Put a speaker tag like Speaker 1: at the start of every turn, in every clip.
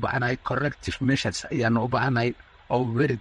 Speaker 1: baahanahay corrective measures ayaanu u oo very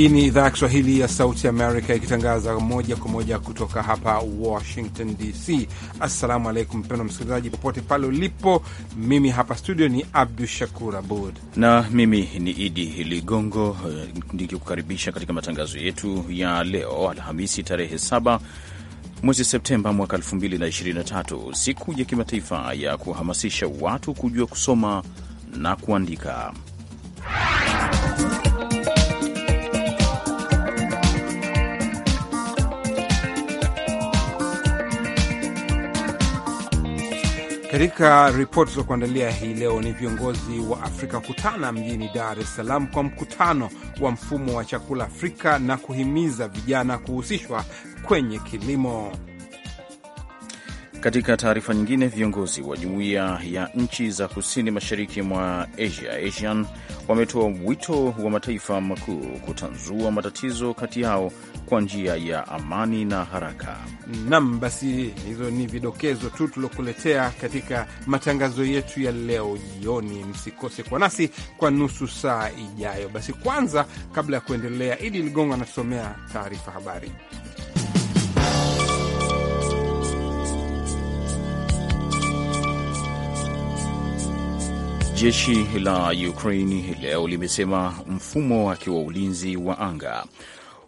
Speaker 2: Hii ni idhaa ya Kiswahili ya Sauti Amerika ikitangaza moja kwa moja kutoka hapa Washington DC. Assalamu alaikum mpendwa msikilizaji, popote pale ulipo. Mimi hapa studio ni Abdu Shakur Abud
Speaker 3: na mimi ni Idi Ligongo eh, nikikukaribisha katika matangazo yetu ya leo Alhamisi tarehe 7 mwezi Septemba mwaka 2023, siku ya kimataifa ya kuhamasisha watu kujua kusoma na kuandika.
Speaker 2: Katika ripoti za kuandalia hii leo, ni viongozi wa Afrika kutana mjini Dar es Salaam kwa mkutano wa mfumo wa chakula Afrika na kuhimiza vijana kuhusishwa kwenye kilimo.
Speaker 3: Katika taarifa nyingine, viongozi wa jumuiya ya nchi za kusini mashariki mwa Asia ASEAN wametoa wito wa mataifa makuu kutanzua matatizo kati yao kwa njia ya amani na haraka.
Speaker 2: Nam, basi hizo ni vidokezo tu tuliokuletea katika matangazo yetu ya leo jioni. Msikose kwa nasi kwa nusu saa ijayo. Basi kwanza, kabla ya kuendelea, Idi Ligongo anatusomea taarifa habari.
Speaker 3: Jeshi la Ukraini leo limesema mfumo wake wa ulinzi wa anga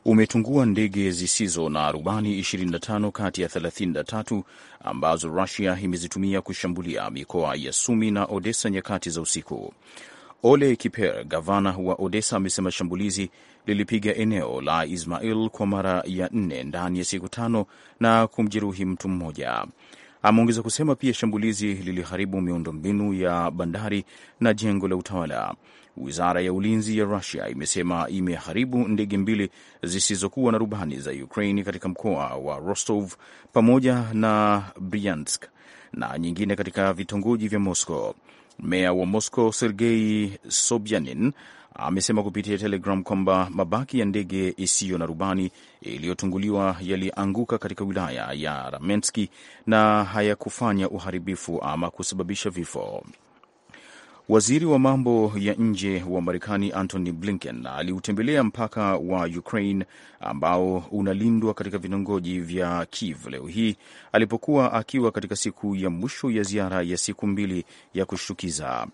Speaker 3: umetungua ndege zisizo na rubani 25 kati ya 33 ambazo Rusia imezitumia kushambulia mikoa ya Sumi na Odessa nyakati za usiku. Ole Kiper, gavana wa Odessa, amesema shambulizi lilipiga eneo la Ismail kwa mara ya nne ndani ya siku tano na kumjeruhi mtu mmoja. Ameongeza kusema pia shambulizi liliharibu miundombinu ya bandari na jengo la utawala. Wizara ya ulinzi ya Rusia imesema imeharibu ndege mbili zisizokuwa na rubani za Ukraine katika mkoa wa Rostov pamoja na Bryansk na nyingine katika vitongoji vya Moscow. Meya wa Moscow Sergei Sobyanin amesema kupitia Telegram kwamba mabaki ya ndege isiyo na rubani iliyotunguliwa yalianguka katika wilaya ya Ramenski na hayakufanya uharibifu ama kusababisha vifo. Waziri wa mambo ya nje wa Marekani Antony Blinken aliutembelea mpaka wa Ukraine ambao unalindwa katika vitongoji vya Kiev leo hii alipokuwa akiwa katika siku ya mwisho ya ziara ya siku mbili ya kushtukiza.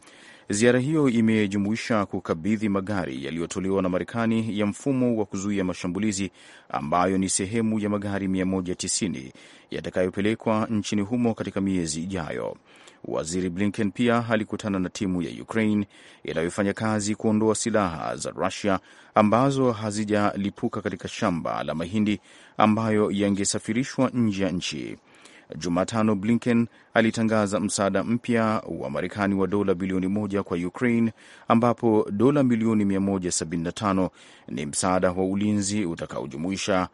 Speaker 3: Ziara hiyo imejumuisha kukabidhi magari yaliyotolewa na Marekani ya mfumo wa kuzuia mashambulizi ambayo ni sehemu ya magari 190 yatakayopelekwa nchini humo katika miezi ijayo. Waziri Blinken pia alikutana na timu ya Ukraine inayofanya kazi kuondoa silaha za Rusia ambazo hazijalipuka katika shamba la mahindi ambayo yangesafirishwa nje ya nchi. Jumatano Blinken alitangaza msaada mpya wa Marekani wa dola bilioni moja kwa Ukraine, ambapo dola milioni 175 ni msaada wa ulinzi utakaojumuisha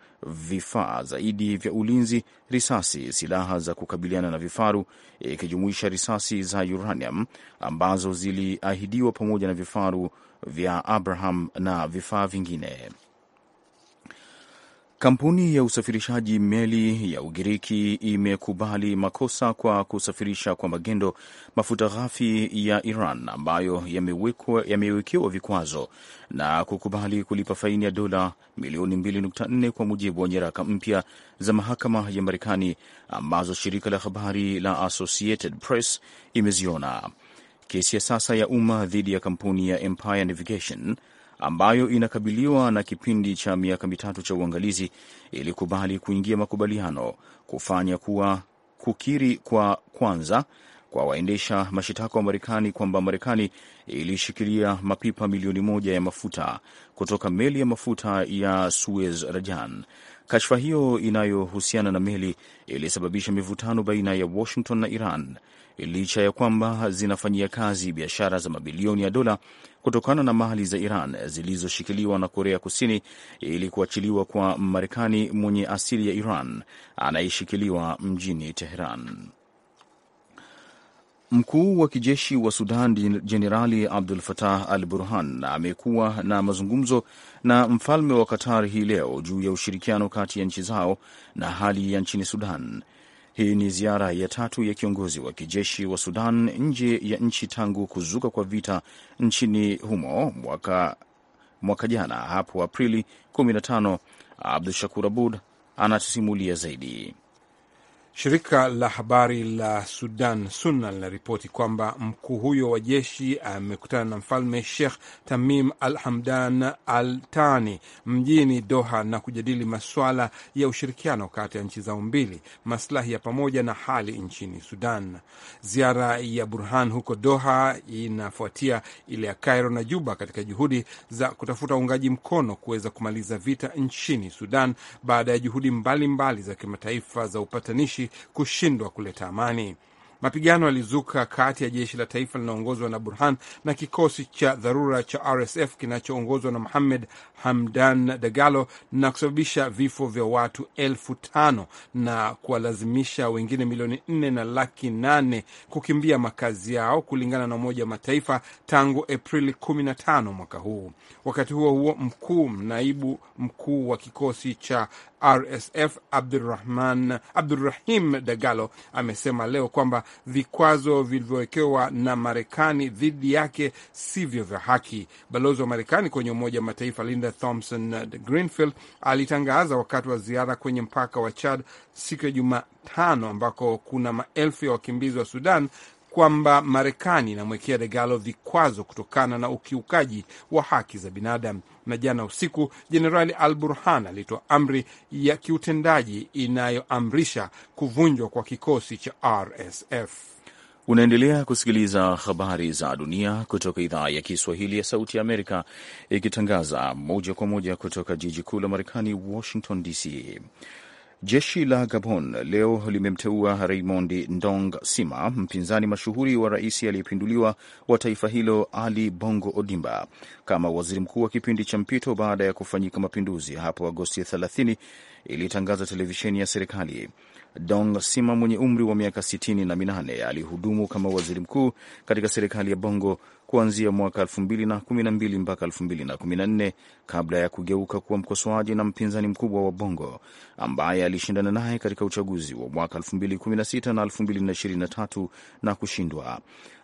Speaker 3: vifaa zaidi vya ulinzi, risasi, silaha za kukabiliana na vifaru, ikijumuisha risasi za uranium ambazo ziliahidiwa pamoja na vifaru vya Abraham na vifaa vingine. Kampuni ya usafirishaji meli ya Ugiriki imekubali makosa kwa kusafirisha kwa magendo mafuta ghafi ya Iran ambayo yamewekewa vikwazo na kukubali kulipa faini ya dola milioni 2.4 kwa mujibu wa nyaraka mpya za mahakama ya Marekani ambazo shirika la habari la Associated Press imeziona. Kesi ya sasa ya umma dhidi ya kampuni ya Empire Navigation ambayo inakabiliwa na kipindi cha miaka mitatu cha uangalizi, ilikubali kuingia makubaliano kufanya kuwa kukiri kwa kwanza kwa waendesha mashitaka wa Marekani kwamba Marekani ilishikilia mapipa milioni moja ya mafuta kutoka meli ya mafuta ya Suez Rajan. Kashfa hiyo inayohusiana na meli ilisababisha mivutano baina ya Washington na Iran licha ya kwamba zinafanyia kazi biashara za mabilioni ya dola kutokana na mali za Iran zilizoshikiliwa na Korea Kusini ili kuachiliwa kwa Marekani mwenye asili ya Iran anayeshikiliwa mjini Teheran. Mkuu wa kijeshi wa Sudan Jenerali Abdul Fatah Al Burhan amekuwa na mazungumzo na mfalme wa Qatar hii leo juu ya ushirikiano kati ya nchi zao na hali ya nchini Sudan. Hii ni ziara ya tatu ya kiongozi wa kijeshi wa Sudan nje ya nchi tangu kuzuka kwa vita nchini humo mwaka, mwaka jana hapo Aprili 15. Abdu Shakur Abud anatusimulia zaidi. Shirika la
Speaker 2: habari
Speaker 3: la Sudan sunna linaripoti kwamba
Speaker 2: mkuu huyo wa jeshi amekutana na mfalme Sheikh Tamim Al Hamdan Al Tani mjini Doha na kujadili masuala ya ushirikiano kati ya nchi zao mbili, maslahi ya pamoja na hali nchini Sudan. Ziara ya Burhan huko Doha inafuatia ile ya Cairo na Juba katika juhudi za kutafuta uungaji mkono kuweza kumaliza vita nchini Sudan baada ya juhudi mbalimbali mbali za kimataifa za upatanishi kushindwa kuleta amani. Mapigano yalizuka kati ya jeshi la taifa linaongozwa na Burhan na kikosi cha dharura cha RSF kinachoongozwa na Muhamed Hamdan Dagalo na kusababisha vifo vya watu elfu tano na kuwalazimisha wengine milioni nne na laki nane kukimbia makazi yao kulingana na Umoja wa Mataifa tangu Aprili 15 mwaka huu. Wakati huo huo, mkuu naibu mkuu wa kikosi cha RSF Abdurrahim Dagalo amesema leo kwamba vikwazo vilivyowekewa na Marekani dhidi yake sivyo vya haki. Balozi wa Marekani kwenye Umoja wa Mataifa Linda Thompson eh, Greenfield alitangaza wakati wa ziara kwenye mpaka wa Chad siku ya Jumatano, ambako kuna maelfu ya wakimbizi wa Sudan kwamba Marekani inamwekea Degalo vikwazo kutokana na ukiukaji wa haki za binadamu. Na jana usiku Jenerali Al Burhan alitoa amri ya kiutendaji inayoamrisha kuvunjwa kwa kikosi cha RSF.
Speaker 3: Unaendelea kusikiliza habari za dunia kutoka idhaa ya Kiswahili ya Sauti ya Amerika, ikitangaza moja kwa moja kutoka jiji kuu la Marekani, Washington DC. Jeshi la Gabon leo limemteua Raymond Ndong Sima, mpinzani mashuhuri wa rais aliyepinduliwa wa taifa hilo Ali Bongo Odimba, kama waziri mkuu wa kipindi cha mpito baada ya kufanyika mapinduzi hapo Agosti 30, ilitangaza televisheni ya serikali. Dong Sima mwenye umri wa miaka sitini na minane alihudumu kama waziri mkuu katika serikali ya Bongo kuanzia mwaka 2012 mpaka 2014 kabla ya kugeuka kuwa mkosoaji na mpinzani mkubwa wa Bongo ambaye alishindana naye katika uchaguzi wa mwaka 2016 na 2023 na kushindwa.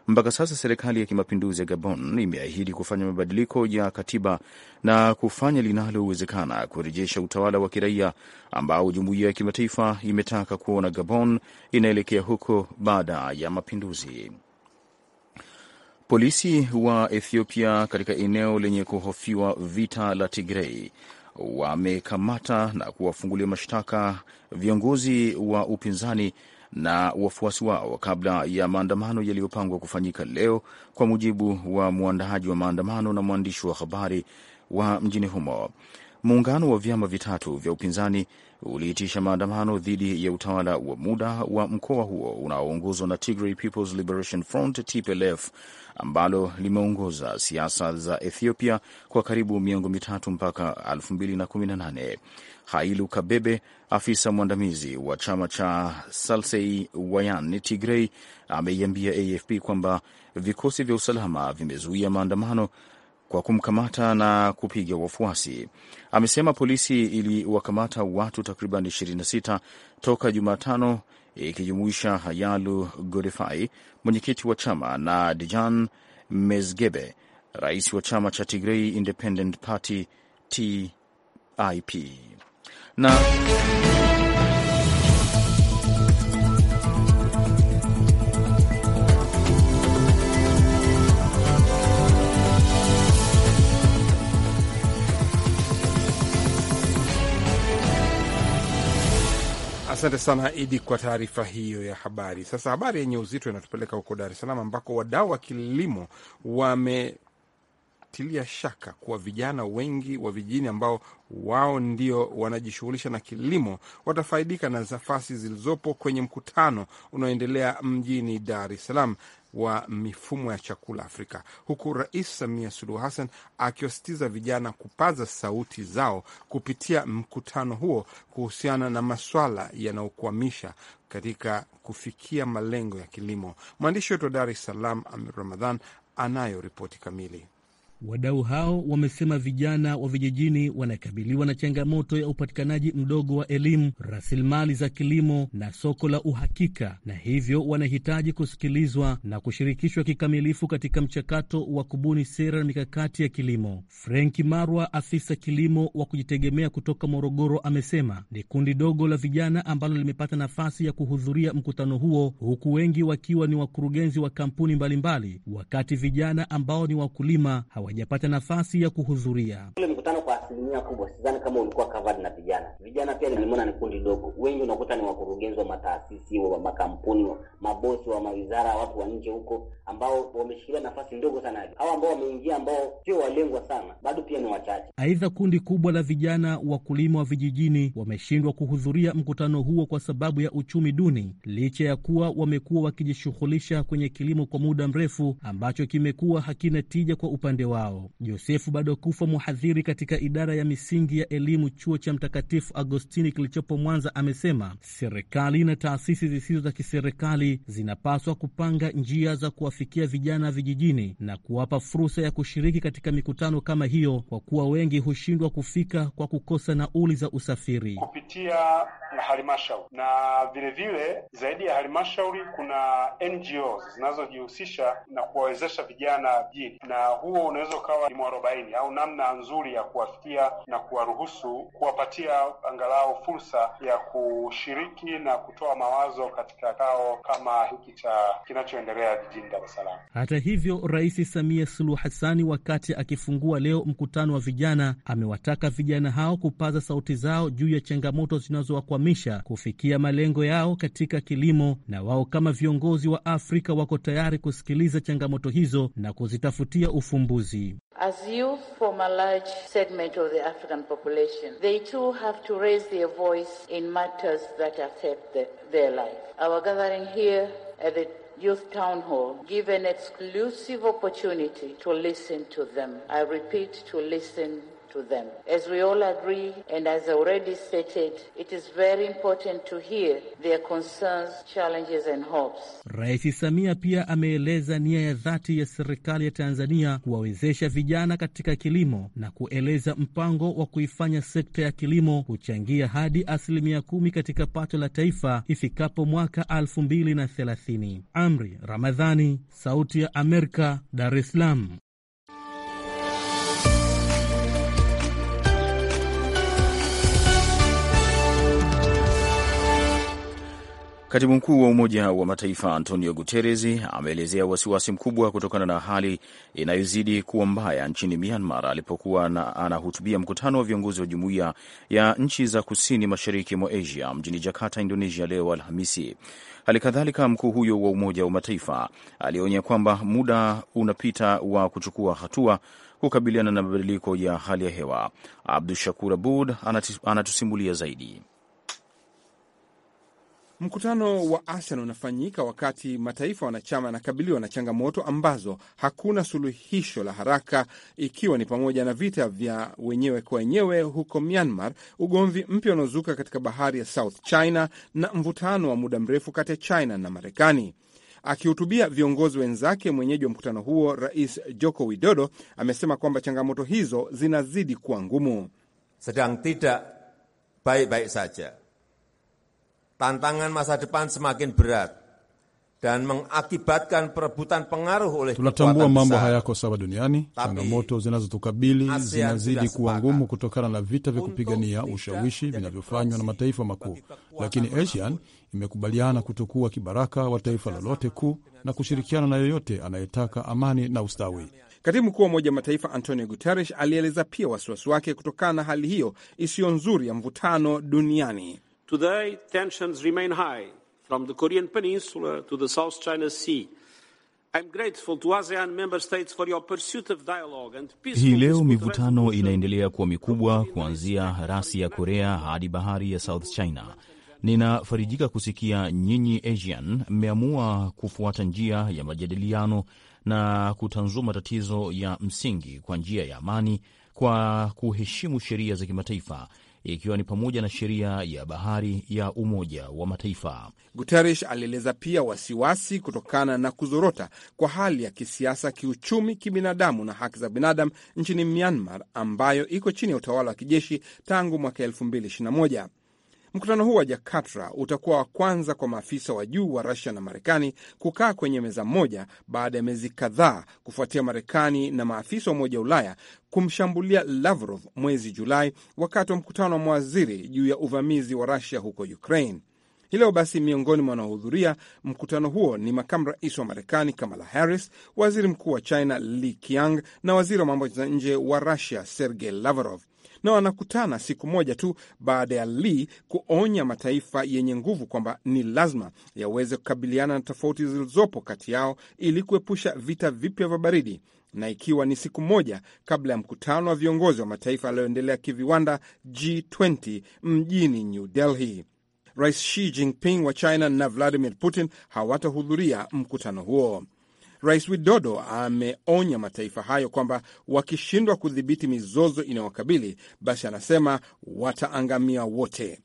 Speaker 3: Mpaka sasa serikali ya kimapinduzi ya Gabon imeahidi kufanya mabadiliko ya katiba na kufanya linalowezekana kurejesha utawala wa kiraia ambao jumuiya ya kimataifa imetaka kuona Gabon inaelekea huko baada ya mapinduzi. Polisi wa Ethiopia katika eneo lenye kuhofiwa vita la Tigrei wamekamata na kuwafungulia mashtaka viongozi wa upinzani na wafuasi wao kabla ya maandamano yaliyopangwa kufanyika leo, kwa mujibu wa mwandaaji wa maandamano na mwandishi wa habari wa mjini humo. Muungano wa vyama vitatu vya upinzani uliitisha maandamano dhidi ya utawala wa muda wa mkoa huo unaoongozwa na Tigray People's Liberation Front TPLF ambalo limeongoza siasa za Ethiopia kwa karibu miongo mitatu mpaka 2018. Hailu Kabebe, afisa mwandamizi wa chama cha Salsei Wayan Tigrei, ameiambia AFP kwamba vikosi vya usalama vimezuia maandamano kwa kumkamata na kupiga wafuasi. Amesema polisi iliwakamata watu takriban 26 toka Jumatano ikijumuisha Hayalu gorifai mwenyekiti wa chama na Dijan Mezgebe, rais wa chama cha Tigray Independent Party TIP na
Speaker 2: Asante sana Idi kwa taarifa hiyo ya habari. Sasa habari yenye uzito inatupeleka huko Dar es Salaam ambako wadau wa kilimo wame anatilia shaka kuwa vijana wengi wa vijijini ambao wao ndio wanajishughulisha na kilimo watafaidika na nafasi zilizopo kwenye mkutano unaoendelea mjini Dar es Salaam wa mifumo ya chakula Afrika, huku Rais Samia Suluhu Hassan akiwasitiza vijana kupaza sauti zao kupitia mkutano huo kuhusiana na maswala yanayokwamisha katika kufikia malengo ya kilimo. Mwandishi wetu wa Dar es Salaam, Amir Ramadhan, anayo ripoti kamili.
Speaker 1: Wadau hao wamesema vijana wa vijijini wanakabiliwa na changamoto ya upatikanaji mdogo wa elimu, rasilimali za kilimo na soko la uhakika, na hivyo wanahitaji kusikilizwa na kushirikishwa kikamilifu katika mchakato wa kubuni sera na mikakati ya kilimo. Frenki Marwa, afisa kilimo wa kujitegemea kutoka Morogoro, amesema ni kundi dogo la vijana ambalo limepata nafasi ya kuhudhuria mkutano huo, huku wengi wakiwa ni wakurugenzi wa kampuni mbalimbali, wakati vijana ambao ni wakulima hawa hawajapata nafasi ya kuhudhuria mkutano
Speaker 4: kwa asilimia kubwa sidhani kama ulikuwa covered na vijana. Vijana pia nilimwona ni kundi dogo, wengi unakuta ni wakurugenzi wa mataasisi wa makampuni, mabosi wa mawizara, watu wa nje huko, ambao wameshikilia nafasi ndogo sana. Hawa ambao wameingia, ambao sio walengwa sana, bado pia ni wachache.
Speaker 1: Aidha, kundi kubwa la vijana wakulima wa vijijini wameshindwa kuhudhuria mkutano huo kwa sababu ya uchumi duni, licha ya kuwa wamekuwa wakijishughulisha kwenye kilimo kwa muda mrefu ambacho kimekuwa hakina tija kwa upande wao. Josefu bado kufa muhadhiri katika idara ya misingi ya elimu chuo cha Mtakatifu Agostini kilichopo Mwanza amesema serikali na taasisi zisizo za kiserikali zinapaswa kupanga njia za kuwafikia vijana vijijini na kuwapa fursa ya kushiriki katika mikutano kama hiyo, kwa kuwa wengi hushindwa kufika kwa kukosa nauli za usafiri
Speaker 2: kupitia na halmashauri, na vilevile zaidi ya halmashauri kuna NGOs zinazojihusisha na kuwawezesha vijana ajira, na huo unaweza ukawa ni mwarobaini au namna nzuri ya kuwafikia na kuwaruhusu kuwapatia angalau fursa ya kushiriki na kutoa mawazo katika kao kama hiki cha kinachoendelea jijini Dar es Salaam.
Speaker 5: Hata
Speaker 1: hivyo, Rais Samia Suluhu Hassani wakati akifungua leo mkutano wa vijana amewataka vijana hao kupaza sauti zao juu ya changamoto zinazowakwamisha kuwakwamisha kufikia malengo yao katika kilimo, na wao kama viongozi wa Afrika wako tayari kusikiliza changamoto hizo na kuzitafutia ufumbuzi.
Speaker 5: As youth a large segment of the African population, they too have to raise their voice in matters that affect the, their life. Our gathering here at the Youth Town Hall give an exclusive opportunity to listen to them. I repeat, to listen to them. As we all agree, and as already stated, it is very important to hear their concerns, challenges and hopes.
Speaker 1: Rais Samia pia ameeleza nia ya dhati ya serikali ya Tanzania kuwawezesha vijana katika kilimo na kueleza mpango wa kuifanya sekta ya kilimo kuchangia hadi asilimia kumi katika pato la taifa ifikapo mwaka 2030. Amri Ramadhani, Sauti ya Amerika, Dar es Salaam.
Speaker 3: Katibu mkuu wa Umoja wa Mataifa Antonio Guterres ameelezea wasiwasi mkubwa kutokana na hali inayozidi kuwa mbaya nchini Myanmar alipokuwa anahutubia mkutano wa viongozi wa Jumuiya ya Nchi za Kusini Mashariki mwa Asia mjini Jakarta, Indonesia leo Alhamisi. Hali kadhalika mkuu huyo wa Umoja wa Mataifa alionya kwamba muda unapita wa kuchukua hatua kukabiliana na mabadiliko ya hali ya hewa. Abdu Shakur Abud anatusimulia zaidi.
Speaker 2: Mkutano wa ASEAN unafanyika wakati mataifa wanachama yanakabiliwa na changamoto ambazo hakuna suluhisho la haraka, ikiwa ni pamoja na vita vya wenyewe kwa wenyewe huko Myanmar, ugomvi mpya unaozuka katika bahari ya South China na mvutano wa muda mrefu kati ya China na Marekani. Akihutubia viongozi wenzake, mwenyeji wa mkutano huo, Rais Joko Widodo amesema kwamba changamoto hizo zinazidi kuwa ngumu.
Speaker 4: sedang tidak baik baik saja Tantangan masa depan semakin berat dan mengakibatkan perebutan pengaruh oleh tunatambua mambo besar.
Speaker 2: hayako sawa duniani. Changamoto zinazotukabili zinazidi kuwa ngumu kutokana na vita vya kupigania ushawishi vinavyofanywa na mataifa makuu, lakini asian imekubaliana kutokuwa kibaraka wa taifa lolote kuu na kushirikiana na yoyote anayetaka amani na ustawi. Katibu mkuu wa Umoja Mataifa Antonio Guterres alieleza pia wasiwasi wake kutokana na hali hiyo isiyo nzuri ya mvutano duniani.
Speaker 1: Today, tensions remain high, from the Korean Peninsula to the South China Sea. Hii
Speaker 3: leo mivutano inaendelea kuwa mikubwa kuanzia rasi ya Korea hadi bahari ya South China. Ninafarijika kusikia nyinyi Asian mmeamua kufuata njia ya majadiliano na kutanzua matatizo ya msingi kwa njia ya amani kwa kuheshimu sheria za kimataifa ikiwa ni pamoja na sheria ya bahari ya Umoja wa Mataifa.
Speaker 2: Guterres alieleza pia wasiwasi kutokana na kuzorota kwa hali ya kisiasa, kiuchumi, kibinadamu na haki za binadamu nchini Myanmar ambayo iko chini ya utawala wa kijeshi tangu mwaka 221 Mkutano huu wa Jakarta utakuwa wa kwanza kwa maafisa wa juu wa Rusia na Marekani kukaa kwenye meza moja baada ya miezi kadhaa kufuatia Marekani na maafisa wa Umoja wa Ulaya kumshambulia Lavrov mwezi Julai wakati wa mkutano wa mawaziri juu ya uvamizi wa Rusia huko Ukraine. Hii leo basi, miongoni mwa wanaohudhuria mkutano huo ni makamu rais wa Marekani Kamala Harris, waziri mkuu wa China Li Qiang na waziri wa mambo za nje wa Rusia Sergei Lavrov na wanakutana siku moja tu baada ya Lee kuonya mataifa yenye nguvu kwamba ni lazima yaweze kukabiliana na tofauti zilizopo kati yao ili kuepusha vita vipya vya baridi na ikiwa ni siku moja kabla ya mkutano wa viongozi wa mataifa yaliyoendelea kiviwanda G20 mjini New Delhi. Rais Xi Jinping wa China na Vladimir Putin hawatahudhuria mkutano huo. Rais Widodo ameonya mataifa hayo kwamba wakishindwa kudhibiti mizozo inayowakabili basi, anasema wataangamia wote.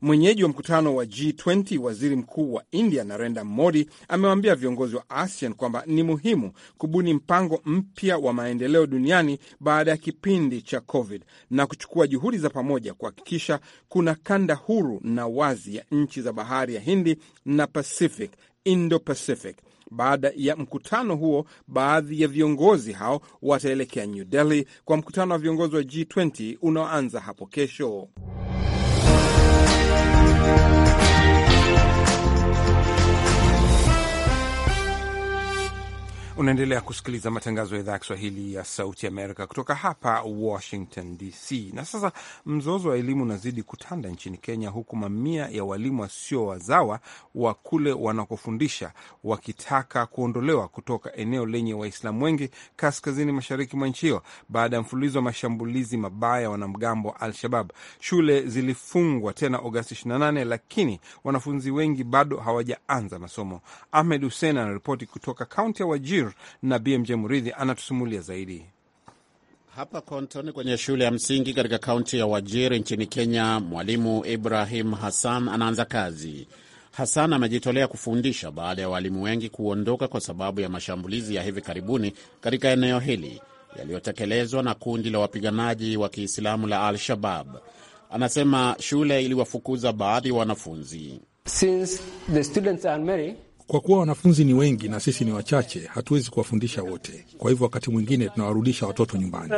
Speaker 2: Mwenyeji wa mkutano wa G20 waziri mkuu wa India Narendra Modi amewaambia viongozi wa ASEAN kwamba ni muhimu kubuni mpango mpya wa maendeleo duniani baada ya kipindi cha COVID na kuchukua juhudi za pamoja kuhakikisha kuna kanda huru na wazi ya nchi za bahari ya Hindi na Pacific, Indo Pacific baada ya mkutano huo, baadhi ya viongozi hao wataelekea New Delhi kwa mkutano wa viongozi wa G20 unaoanza hapo kesho. Unaendelea kusikiliza matangazo ya idhaa ya Kiswahili ya Sauti Amerika kutoka hapa Washington DC. Na sasa mzozo wa elimu unazidi kutanda nchini Kenya, huku mamia ya walimu wasio wazawa wa kule wanakofundisha wakitaka kuondolewa kutoka eneo lenye Waislamu wengi kaskazini mashariki mwa nchi hiyo baada ya mfululizo wa mashambulizi mabaya ya wanamgambo wa Al-Shabab. Shule zilifungwa tena Agosti 28, lakini wanafunzi wengi bado hawajaanza masomo. Ahmed Hussein anaripoti kutoka kaunti ya Wajir na
Speaker 4: BMJ Muridhi anatusimulia zaidi. Hapa Kontoni kwenye shule ya msingi katika kaunti ya Wajiri nchini Kenya, mwalimu Ibrahim Hassan anaanza kazi. Hassan amejitolea kufundisha baada ya walimu wengi kuondoka kwa sababu ya mashambulizi ya hivi karibuni katika eneo hili yaliyotekelezwa na kundi la wapiganaji wa Kiislamu la Al-Shabab. Anasema shule iliwafukuza baadhi ya wanafunzi Since the students are married,
Speaker 2: kwa kuwa wanafunzi ni wengi na sisi ni wachache, hatuwezi kuwafundisha wote. Kwa hivyo wakati mwingine tunawarudisha watoto nyumbani.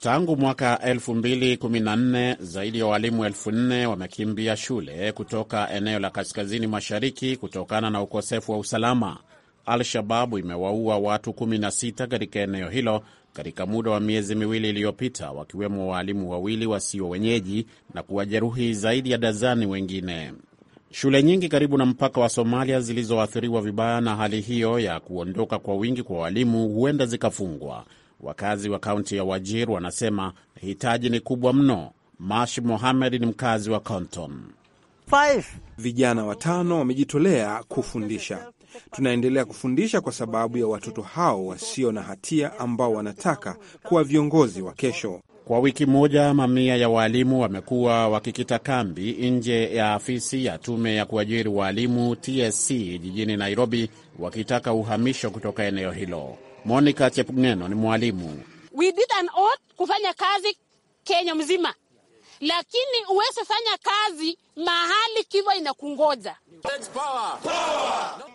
Speaker 4: Tangu mwaka 2014 zaidi ya walimu 4 wamekimbia shule kutoka eneo la kaskazini mashariki kutokana na ukosefu wa usalama. Al-Shababu imewaua watu 16 katika eneo hilo katika muda wa miezi miwili iliyopita, wakiwemo waalimu wawili wasio wenyeji na kuwajeruhi zaidi ya dazani wengine. Shule nyingi karibu na mpaka wa Somalia zilizoathiriwa vibaya na hali hiyo ya kuondoka kwa wingi kwa walimu huenda zikafungwa. Wakazi wa kaunti ya Wajir wanasema hitaji ni kubwa mno. Mash Mohamed ni mkazi wa conton Vijana watano wamejitolea kufundisha. Tunaendelea kufundisha kwa sababu ya watoto
Speaker 2: hao wasio na hatia ambao wanataka kuwa viongozi wa kesho.
Speaker 4: Kwa wiki moja mamia ya waalimu wamekuwa wakikita kambi nje ya afisi ya tume ya kuajiri waalimu TSC jijini Nairobi, wakitaka uhamisho kutoka eneo hilo. Monica Chepngeno ni mwalimu.
Speaker 5: We did an oath kufanya kazi Kenya mzima lakini uweze fanya kazi mahali kifo inakungoja.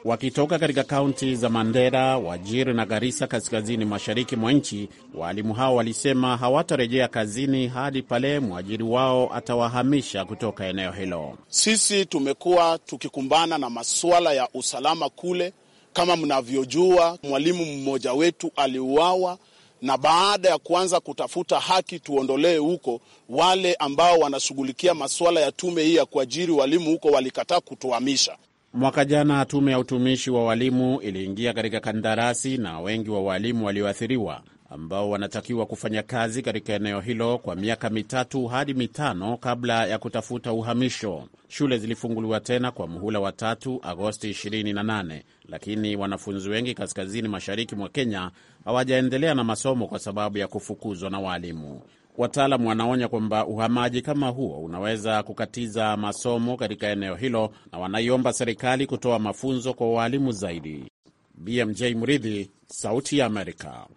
Speaker 4: Wakitoka katika kaunti za Mandera, wajir na Garisa, kaskazini mashariki mwa nchi, waalimu hao walisema hawatarejea kazini hadi pale mwajiri wao atawahamisha kutoka eneo hilo. Sisi tumekuwa tukikumbana na masuala ya usalama kule. Kama mnavyojua, mwalimu mmoja wetu aliuawa na baada ya kuanza kutafuta haki tuondolee huko wale ambao wanashughulikia masuala ya tume hii ya kuajiri walimu huko walikataa kutuhamisha. Mwaka jana tume ya utumishi wa walimu iliingia katika kandarasi na wengi wa walimu walioathiriwa ambao wanatakiwa kufanya kazi katika eneo hilo kwa miaka mitatu hadi mitano kabla ya kutafuta uhamisho. Shule zilifunguliwa tena kwa muhula wa tatu Agosti 28, lakini wanafunzi wengi kaskazini mashariki mwa Kenya hawajaendelea na masomo kwa sababu ya kufukuzwa na waalimu. Wataalamu wanaonya kwamba uhamaji kama huo unaweza kukatiza masomo katika eneo hilo, na wanaiomba serikali kutoa mafunzo kwa waalimu zaidi. BMJ Mridhi, Sauti ya Amerika.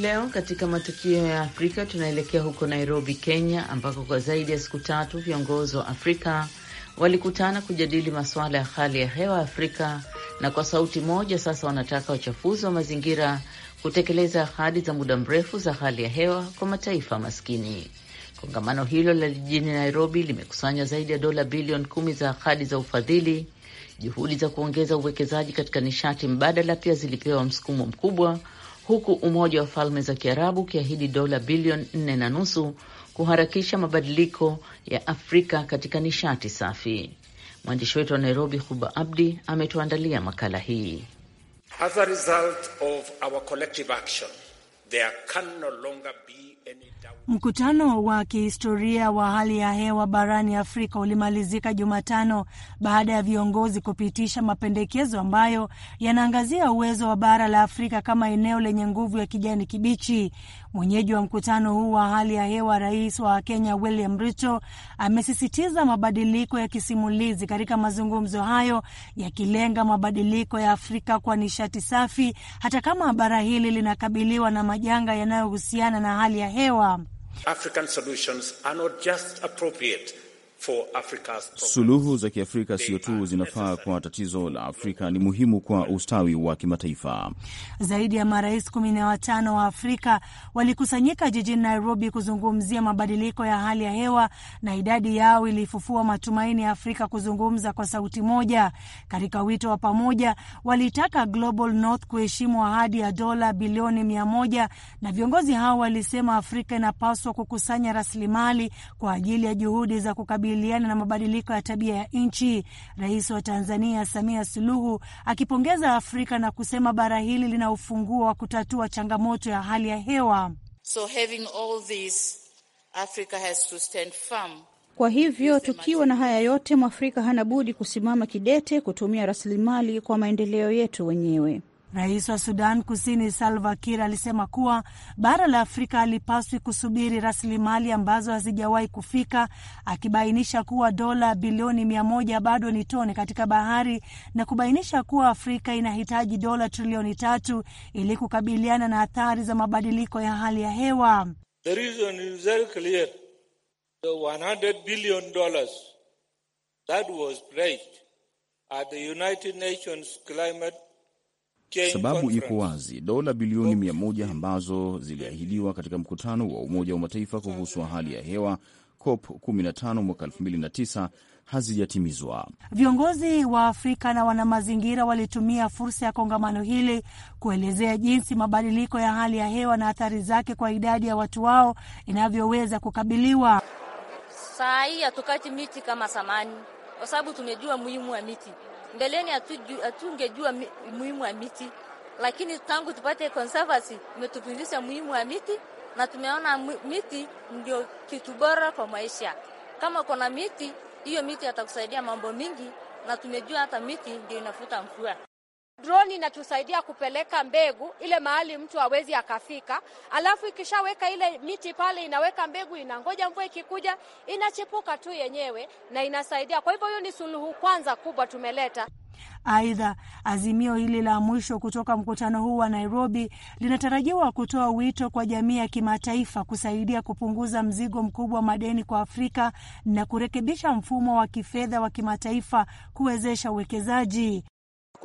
Speaker 1: Leo katika matukio ya Afrika tunaelekea huko Nairobi, Kenya, ambako kwa zaidi ya siku tatu viongozi wa Afrika walikutana kujadili masuala ya hali ya hewa Afrika,
Speaker 5: na kwa sauti moja sasa wanataka wachafuzi wa mazingira kutekeleza ahadi za muda mrefu za hali ya hewa kwa mataifa maskini. Kongamano hilo la jijini
Speaker 1: Nairobi limekusanya zaidi ya dola bilioni kumi za ahadi za ufadhili. Juhudi za kuongeza uwekezaji katika nishati mbadala pia zilipewa msukumo mkubwa huku Umoja wa Falme za Kiarabu ukiahidi dola bilioni nne na nusu kuharakisha mabadiliko ya Afrika katika nishati safi. Mwandishi wetu wa Nairobi, Huba Abdi, ametuandalia
Speaker 5: makala hii.
Speaker 2: As a result of our collective action, there can no longer
Speaker 5: be Mkutano wa kihistoria wa hali ya hewa barani Afrika ulimalizika Jumatano baada ya viongozi kupitisha mapendekezo ambayo yanaangazia uwezo wa bara la Afrika kama eneo lenye nguvu ya kijani kibichi. Mwenyeji wa mkutano huu wa hali ya hewa, rais wa Kenya William Ruto amesisitiza mabadiliko ya kisimulizi katika mazungumzo hayo, yakilenga mabadiliko ya Afrika kwa nishati safi, hata kama bara hili linakabiliwa na majanga yanayohusiana na hali ya hewa.
Speaker 1: African solutions are not just appropriate
Speaker 3: Suluhu za Kiafrika sio tu zinafaa kwa tatizo la Afrika, ni muhimu kwa ustawi wa kimataifa.
Speaker 5: Zaidi ya marais kumi na watano wa Afrika walikusanyika jijini Nairobi kuzungumzia mabadiliko ya hali ya hewa na idadi yao ilifufua matumaini ya Afrika kuzungumza kwa sauti moja. Katika wito wa pamoja, walitaka Global North kuheshimu ahadi ya dola bilioni mia moja na viongozi hao walisema Afrika inapaswa kukusanya rasilimali kwa ajili ya juhudi za kukabili kukabiliana na mabadiliko ya tabia ya nchi. Rais wa Tanzania Samia Suluhu akipongeza Afrika na kusema bara hili lina ufunguo wa kutatua changamoto ya hali ya hewa. So having all this, Africa has to stand firm. Kwa hivyo tukiwa na haya yote, mwafrika hana budi kusimama kidete kutumia rasilimali kwa maendeleo yetu wenyewe. Rais wa Sudan Kusini Salva Kiir alisema kuwa bara la Afrika halipaswi kusubiri rasilimali ambazo hazijawahi kufika, akibainisha kuwa dola bilioni mia moja bado ni tone katika bahari na kubainisha kuwa Afrika inahitaji dola trilioni tatu ili kukabiliana na athari za mabadiliko ya hali ya hewa.
Speaker 2: The Sababu iko wazi:
Speaker 3: dola bilioni mia moja ambazo ziliahidiwa katika mkutano wa Umoja wa Mataifa kuhusu hali ya hewa COP 15 mwaka 2009 hazijatimizwa.
Speaker 5: Viongozi wa Afrika na wanamazingira walitumia fursa ya kongamano hili kuelezea jinsi mabadiliko ya hali ya hewa na athari zake kwa idadi ya watu wao inavyoweza kukabiliwa. Saa hii hatukati miti kama zamani, kwa sababu tumejua muhimu wa miti Mbeleni hatungejua muhimu wa miti, lakini tangu tupate conservancy imetufundisha muhimu wa miti, na tumeona miti ndio kitu bora kwa maisha. Kama kuna miti, hiyo miti atakusaidia mambo mingi, na tumejua hata miti ndio inafuta mvua. Droni inatusaidia kupeleka mbegu ile mahali mtu hawezi akafika, alafu ikishaweka ile miti pale, inaweka mbegu, inangoja mvua, ikikuja inachipuka tu yenyewe na inasaidia. Kwa hivyo hiyo ni suluhu kwanza kubwa tumeleta. Aidha, azimio hili la mwisho kutoka mkutano huu wa Nairobi linatarajiwa kutoa wito kwa jamii ya kimataifa kusaidia kupunguza mzigo mkubwa wa madeni kwa Afrika na kurekebisha mfumo wa kifedha wa kimataifa kuwezesha uwekezaji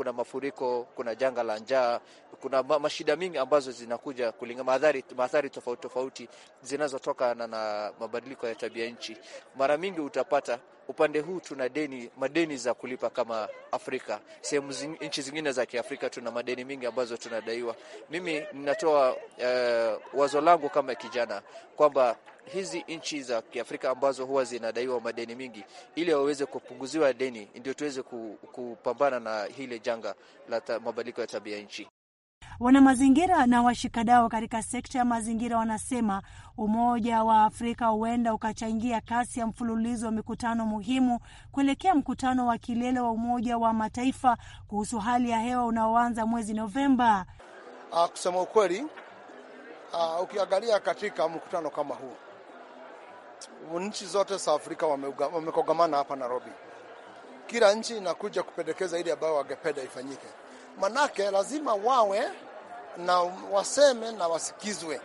Speaker 3: kuna mafuriko, kuna janga la njaa, kuna mashida mingi ambazo zinakuja kulingana maadhari madhari tofauti tofauti na, na mabadiliko ya tabia nchi. Mara mingi utapata upande huu tuna deni, madeni za kulipa kama Afrika. Sehemu nchi zingine za Kiafrika tuna madeni mingi ambazo tunadaiwa. Mimi ninatoa uh, wazo langu kama kijana kwamba hizi nchi za Kiafrika ambazo huwa zinadaiwa madeni mingi, ili waweze kupunguziwa deni, ndio tuweze kupambana na hile janga la mabadiliko ya tabia nchi.
Speaker 5: Wanamazingira na washikadau katika sekta ya mazingira wanasema Umoja wa Afrika huenda ukachangia kasi ya mfululizo wa mikutano muhimu kuelekea mkutano wa kilele wa Umoja wa Mataifa kuhusu hali ya hewa unaoanza mwezi Novemba.
Speaker 1: Uh, kusema ukweli,
Speaker 2: uh, ukiangalia katika mkutano kama huu nchi zote za Afrika wamekogamana hapa Nairobi. Kila nchi inakuja kupendekeza ile ambayo wangependa ifanyike, manake lazima wawe na waseme na wasikizwe.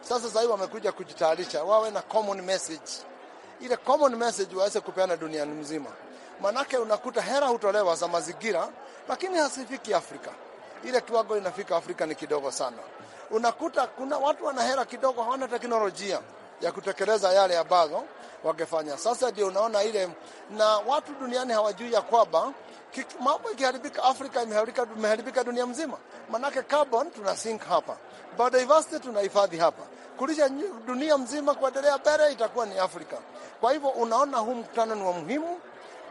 Speaker 2: Sasa sahii wamekuja kujitayarisha, wawe na common message, ile common message waweze kupeana duniani mzima, manake unakuta hera hutolewa za mazingira, lakini hasifiki Afrika. Ile kiwango inafika Afrika ni kidogo sana. Unakuta kuna watu wana hera kidogo, hawana teknolojia ya kutekeleza yale ambayo wangefanya. Sasa
Speaker 1: ndio unaona ile, na watu duniani hawajui ya kwamba mambo ikiharibika Afrika imeharibika dunia mzima, manake carbon tuna sink hapa, biodiversity
Speaker 2: tunahifadhi hapa, kulisha dunia mzima kuendelea mbele itakuwa ni Afrika. Kwa hivyo unaona
Speaker 5: huu mkutano ni wa muhimu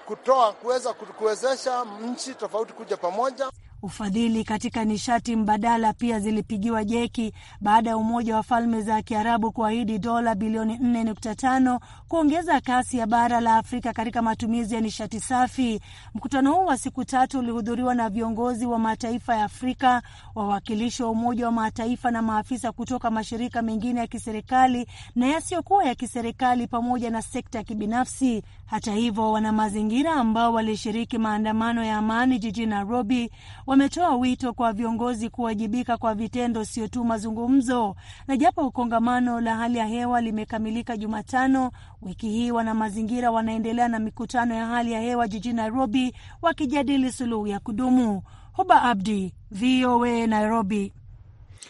Speaker 5: kutoa kuweza kuwezesha nchi tofauti kuja pamoja. Ufadhili katika nishati mbadala pia zilipigiwa jeki baada ya Umoja wa Falme za Kiarabu kuahidi dola bilioni 4.5 kuongeza kasi ya bara la Afrika katika matumizi ya nishati safi. Mkutano huu wa siku tatu ulihudhuriwa na viongozi wa mataifa ya Afrika, wawakilishi wa Umoja wa Mataifa na maafisa kutoka mashirika mengine ya kiserikali na yasiyokuwa ya kiserikali pamoja na sekta ya kibinafsi. Hata hivyo, wanamazingira ambao walishiriki maandamano ya amani jijini Nairobi wametoa wito kwa viongozi kuwajibika kwa vitendo, sio tu mazungumzo. Na japo kongamano la hali ya hewa limekamilika Jumatano wiki hii, wana mazingira wanaendelea na mikutano ya hali ya hewa jijini Nairobi wakijadili suluhu ya kudumu. Huba Abdi, VOA Nairobi.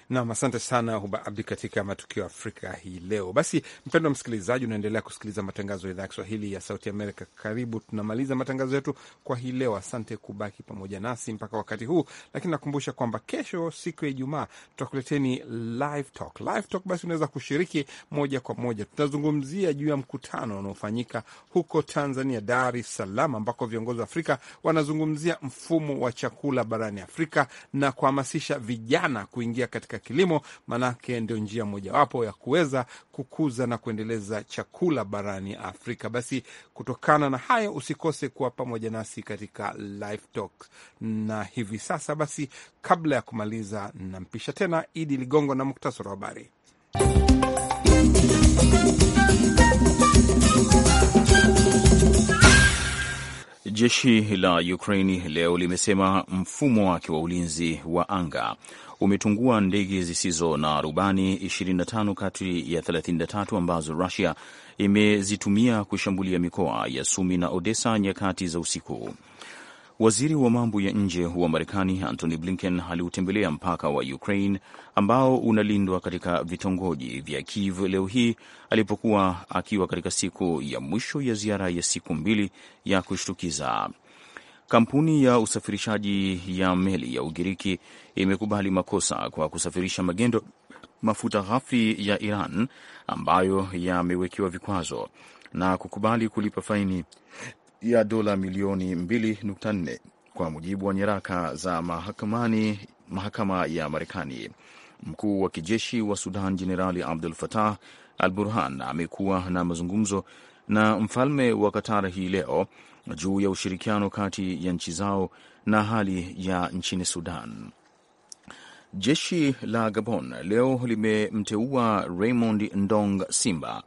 Speaker 2: Nam, asante sana Huba Abdi katika matukio ya Afrika hii leo. Basi mpendwa msikilizaji, unaendelea kusikiliza matangazo ya idhaa ya Kiswahili ya Sauti Amerika. Karibu tunamaliza matangazo yetu kwa hii leo. Asante kubaki pamoja nasi mpaka wakati huu, lakini nakumbusha kwamba kesho, siku ya Ijumaa, tutakuleteni live talk. Live talk, basi unaweza kushiriki moja kwa moja. Tutazungumzia juu ya mkutano unaofanyika huko Tanzania, Dar es Salaam, ambako viongozi wa Afrika wanazungumzia mfumo wa chakula barani Afrika na kuhamasisha vijana kuingia katika katika kilimo, maanake ndio njia mojawapo ya kuweza kukuza na kuendeleza chakula barani Afrika. Basi kutokana na hayo, usikose kuwa pamoja nasi katika Live Talk na hivi sasa. Basi kabla ya kumaliza, nampisha tena Idi Ligongo na muktasari wa habari.
Speaker 3: Jeshi la Ukraini leo limesema mfumo wake wa ulinzi wa anga umetungua ndege zisizo na rubani 25 kati ya 33 ambazo Rusia imezitumia kushambulia mikoa ya Sumi na Odessa nyakati za usiku. Waziri wa mambo ya nje wa Marekani Antony Blinken aliutembelea mpaka wa Ukraine ambao unalindwa katika vitongoji vya Kiev leo hii alipokuwa akiwa katika siku ya mwisho ya ziara ya siku mbili ya kushtukiza. Kampuni ya usafirishaji ya meli ya Ugiriki imekubali makosa kwa kusafirisha magendo mafuta ghafi ya Iran ambayo yamewekewa vikwazo na kukubali kulipa faini ya dola milioni 2.4 kwa mujibu wa nyaraka za mahakamani, mahakama ya Marekani. Mkuu wa kijeshi wa Sudan Jenerali Abdul Fatah Al Burhan amekuwa na mazungumzo na mfalme wa Qatar hii leo juu ya ushirikiano kati ya nchi zao na hali ya nchini Sudan. Jeshi la Gabon leo limemteua Raymond Ndong Simba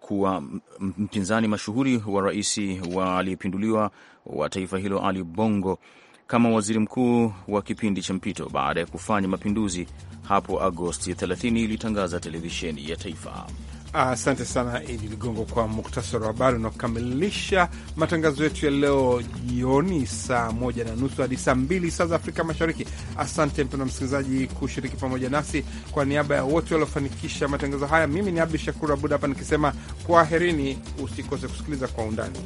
Speaker 3: kuwa mpinzani mashuhuri wa rais wa aliyepinduliwa wa taifa hilo Ali Bongo kama waziri mkuu wa kipindi cha mpito baada ya kufanya mapinduzi hapo Agosti 30, ilitangaza televisheni ya taifa.
Speaker 2: Asante sana Idi Ligongo kwa muktasari wa habari unaokamilisha matangazo yetu ya leo jioni, saa moja na nusu hadi saa mbili saa za Afrika Mashariki. Asante mpendwa msikilizaji kushiriki pamoja nasi. Kwa niaba ya wote waliofanikisha matangazo haya, mimi ni Abdu Shakur Abud hapa nikisema kwaherini. Usikose kusikiliza kwa undani.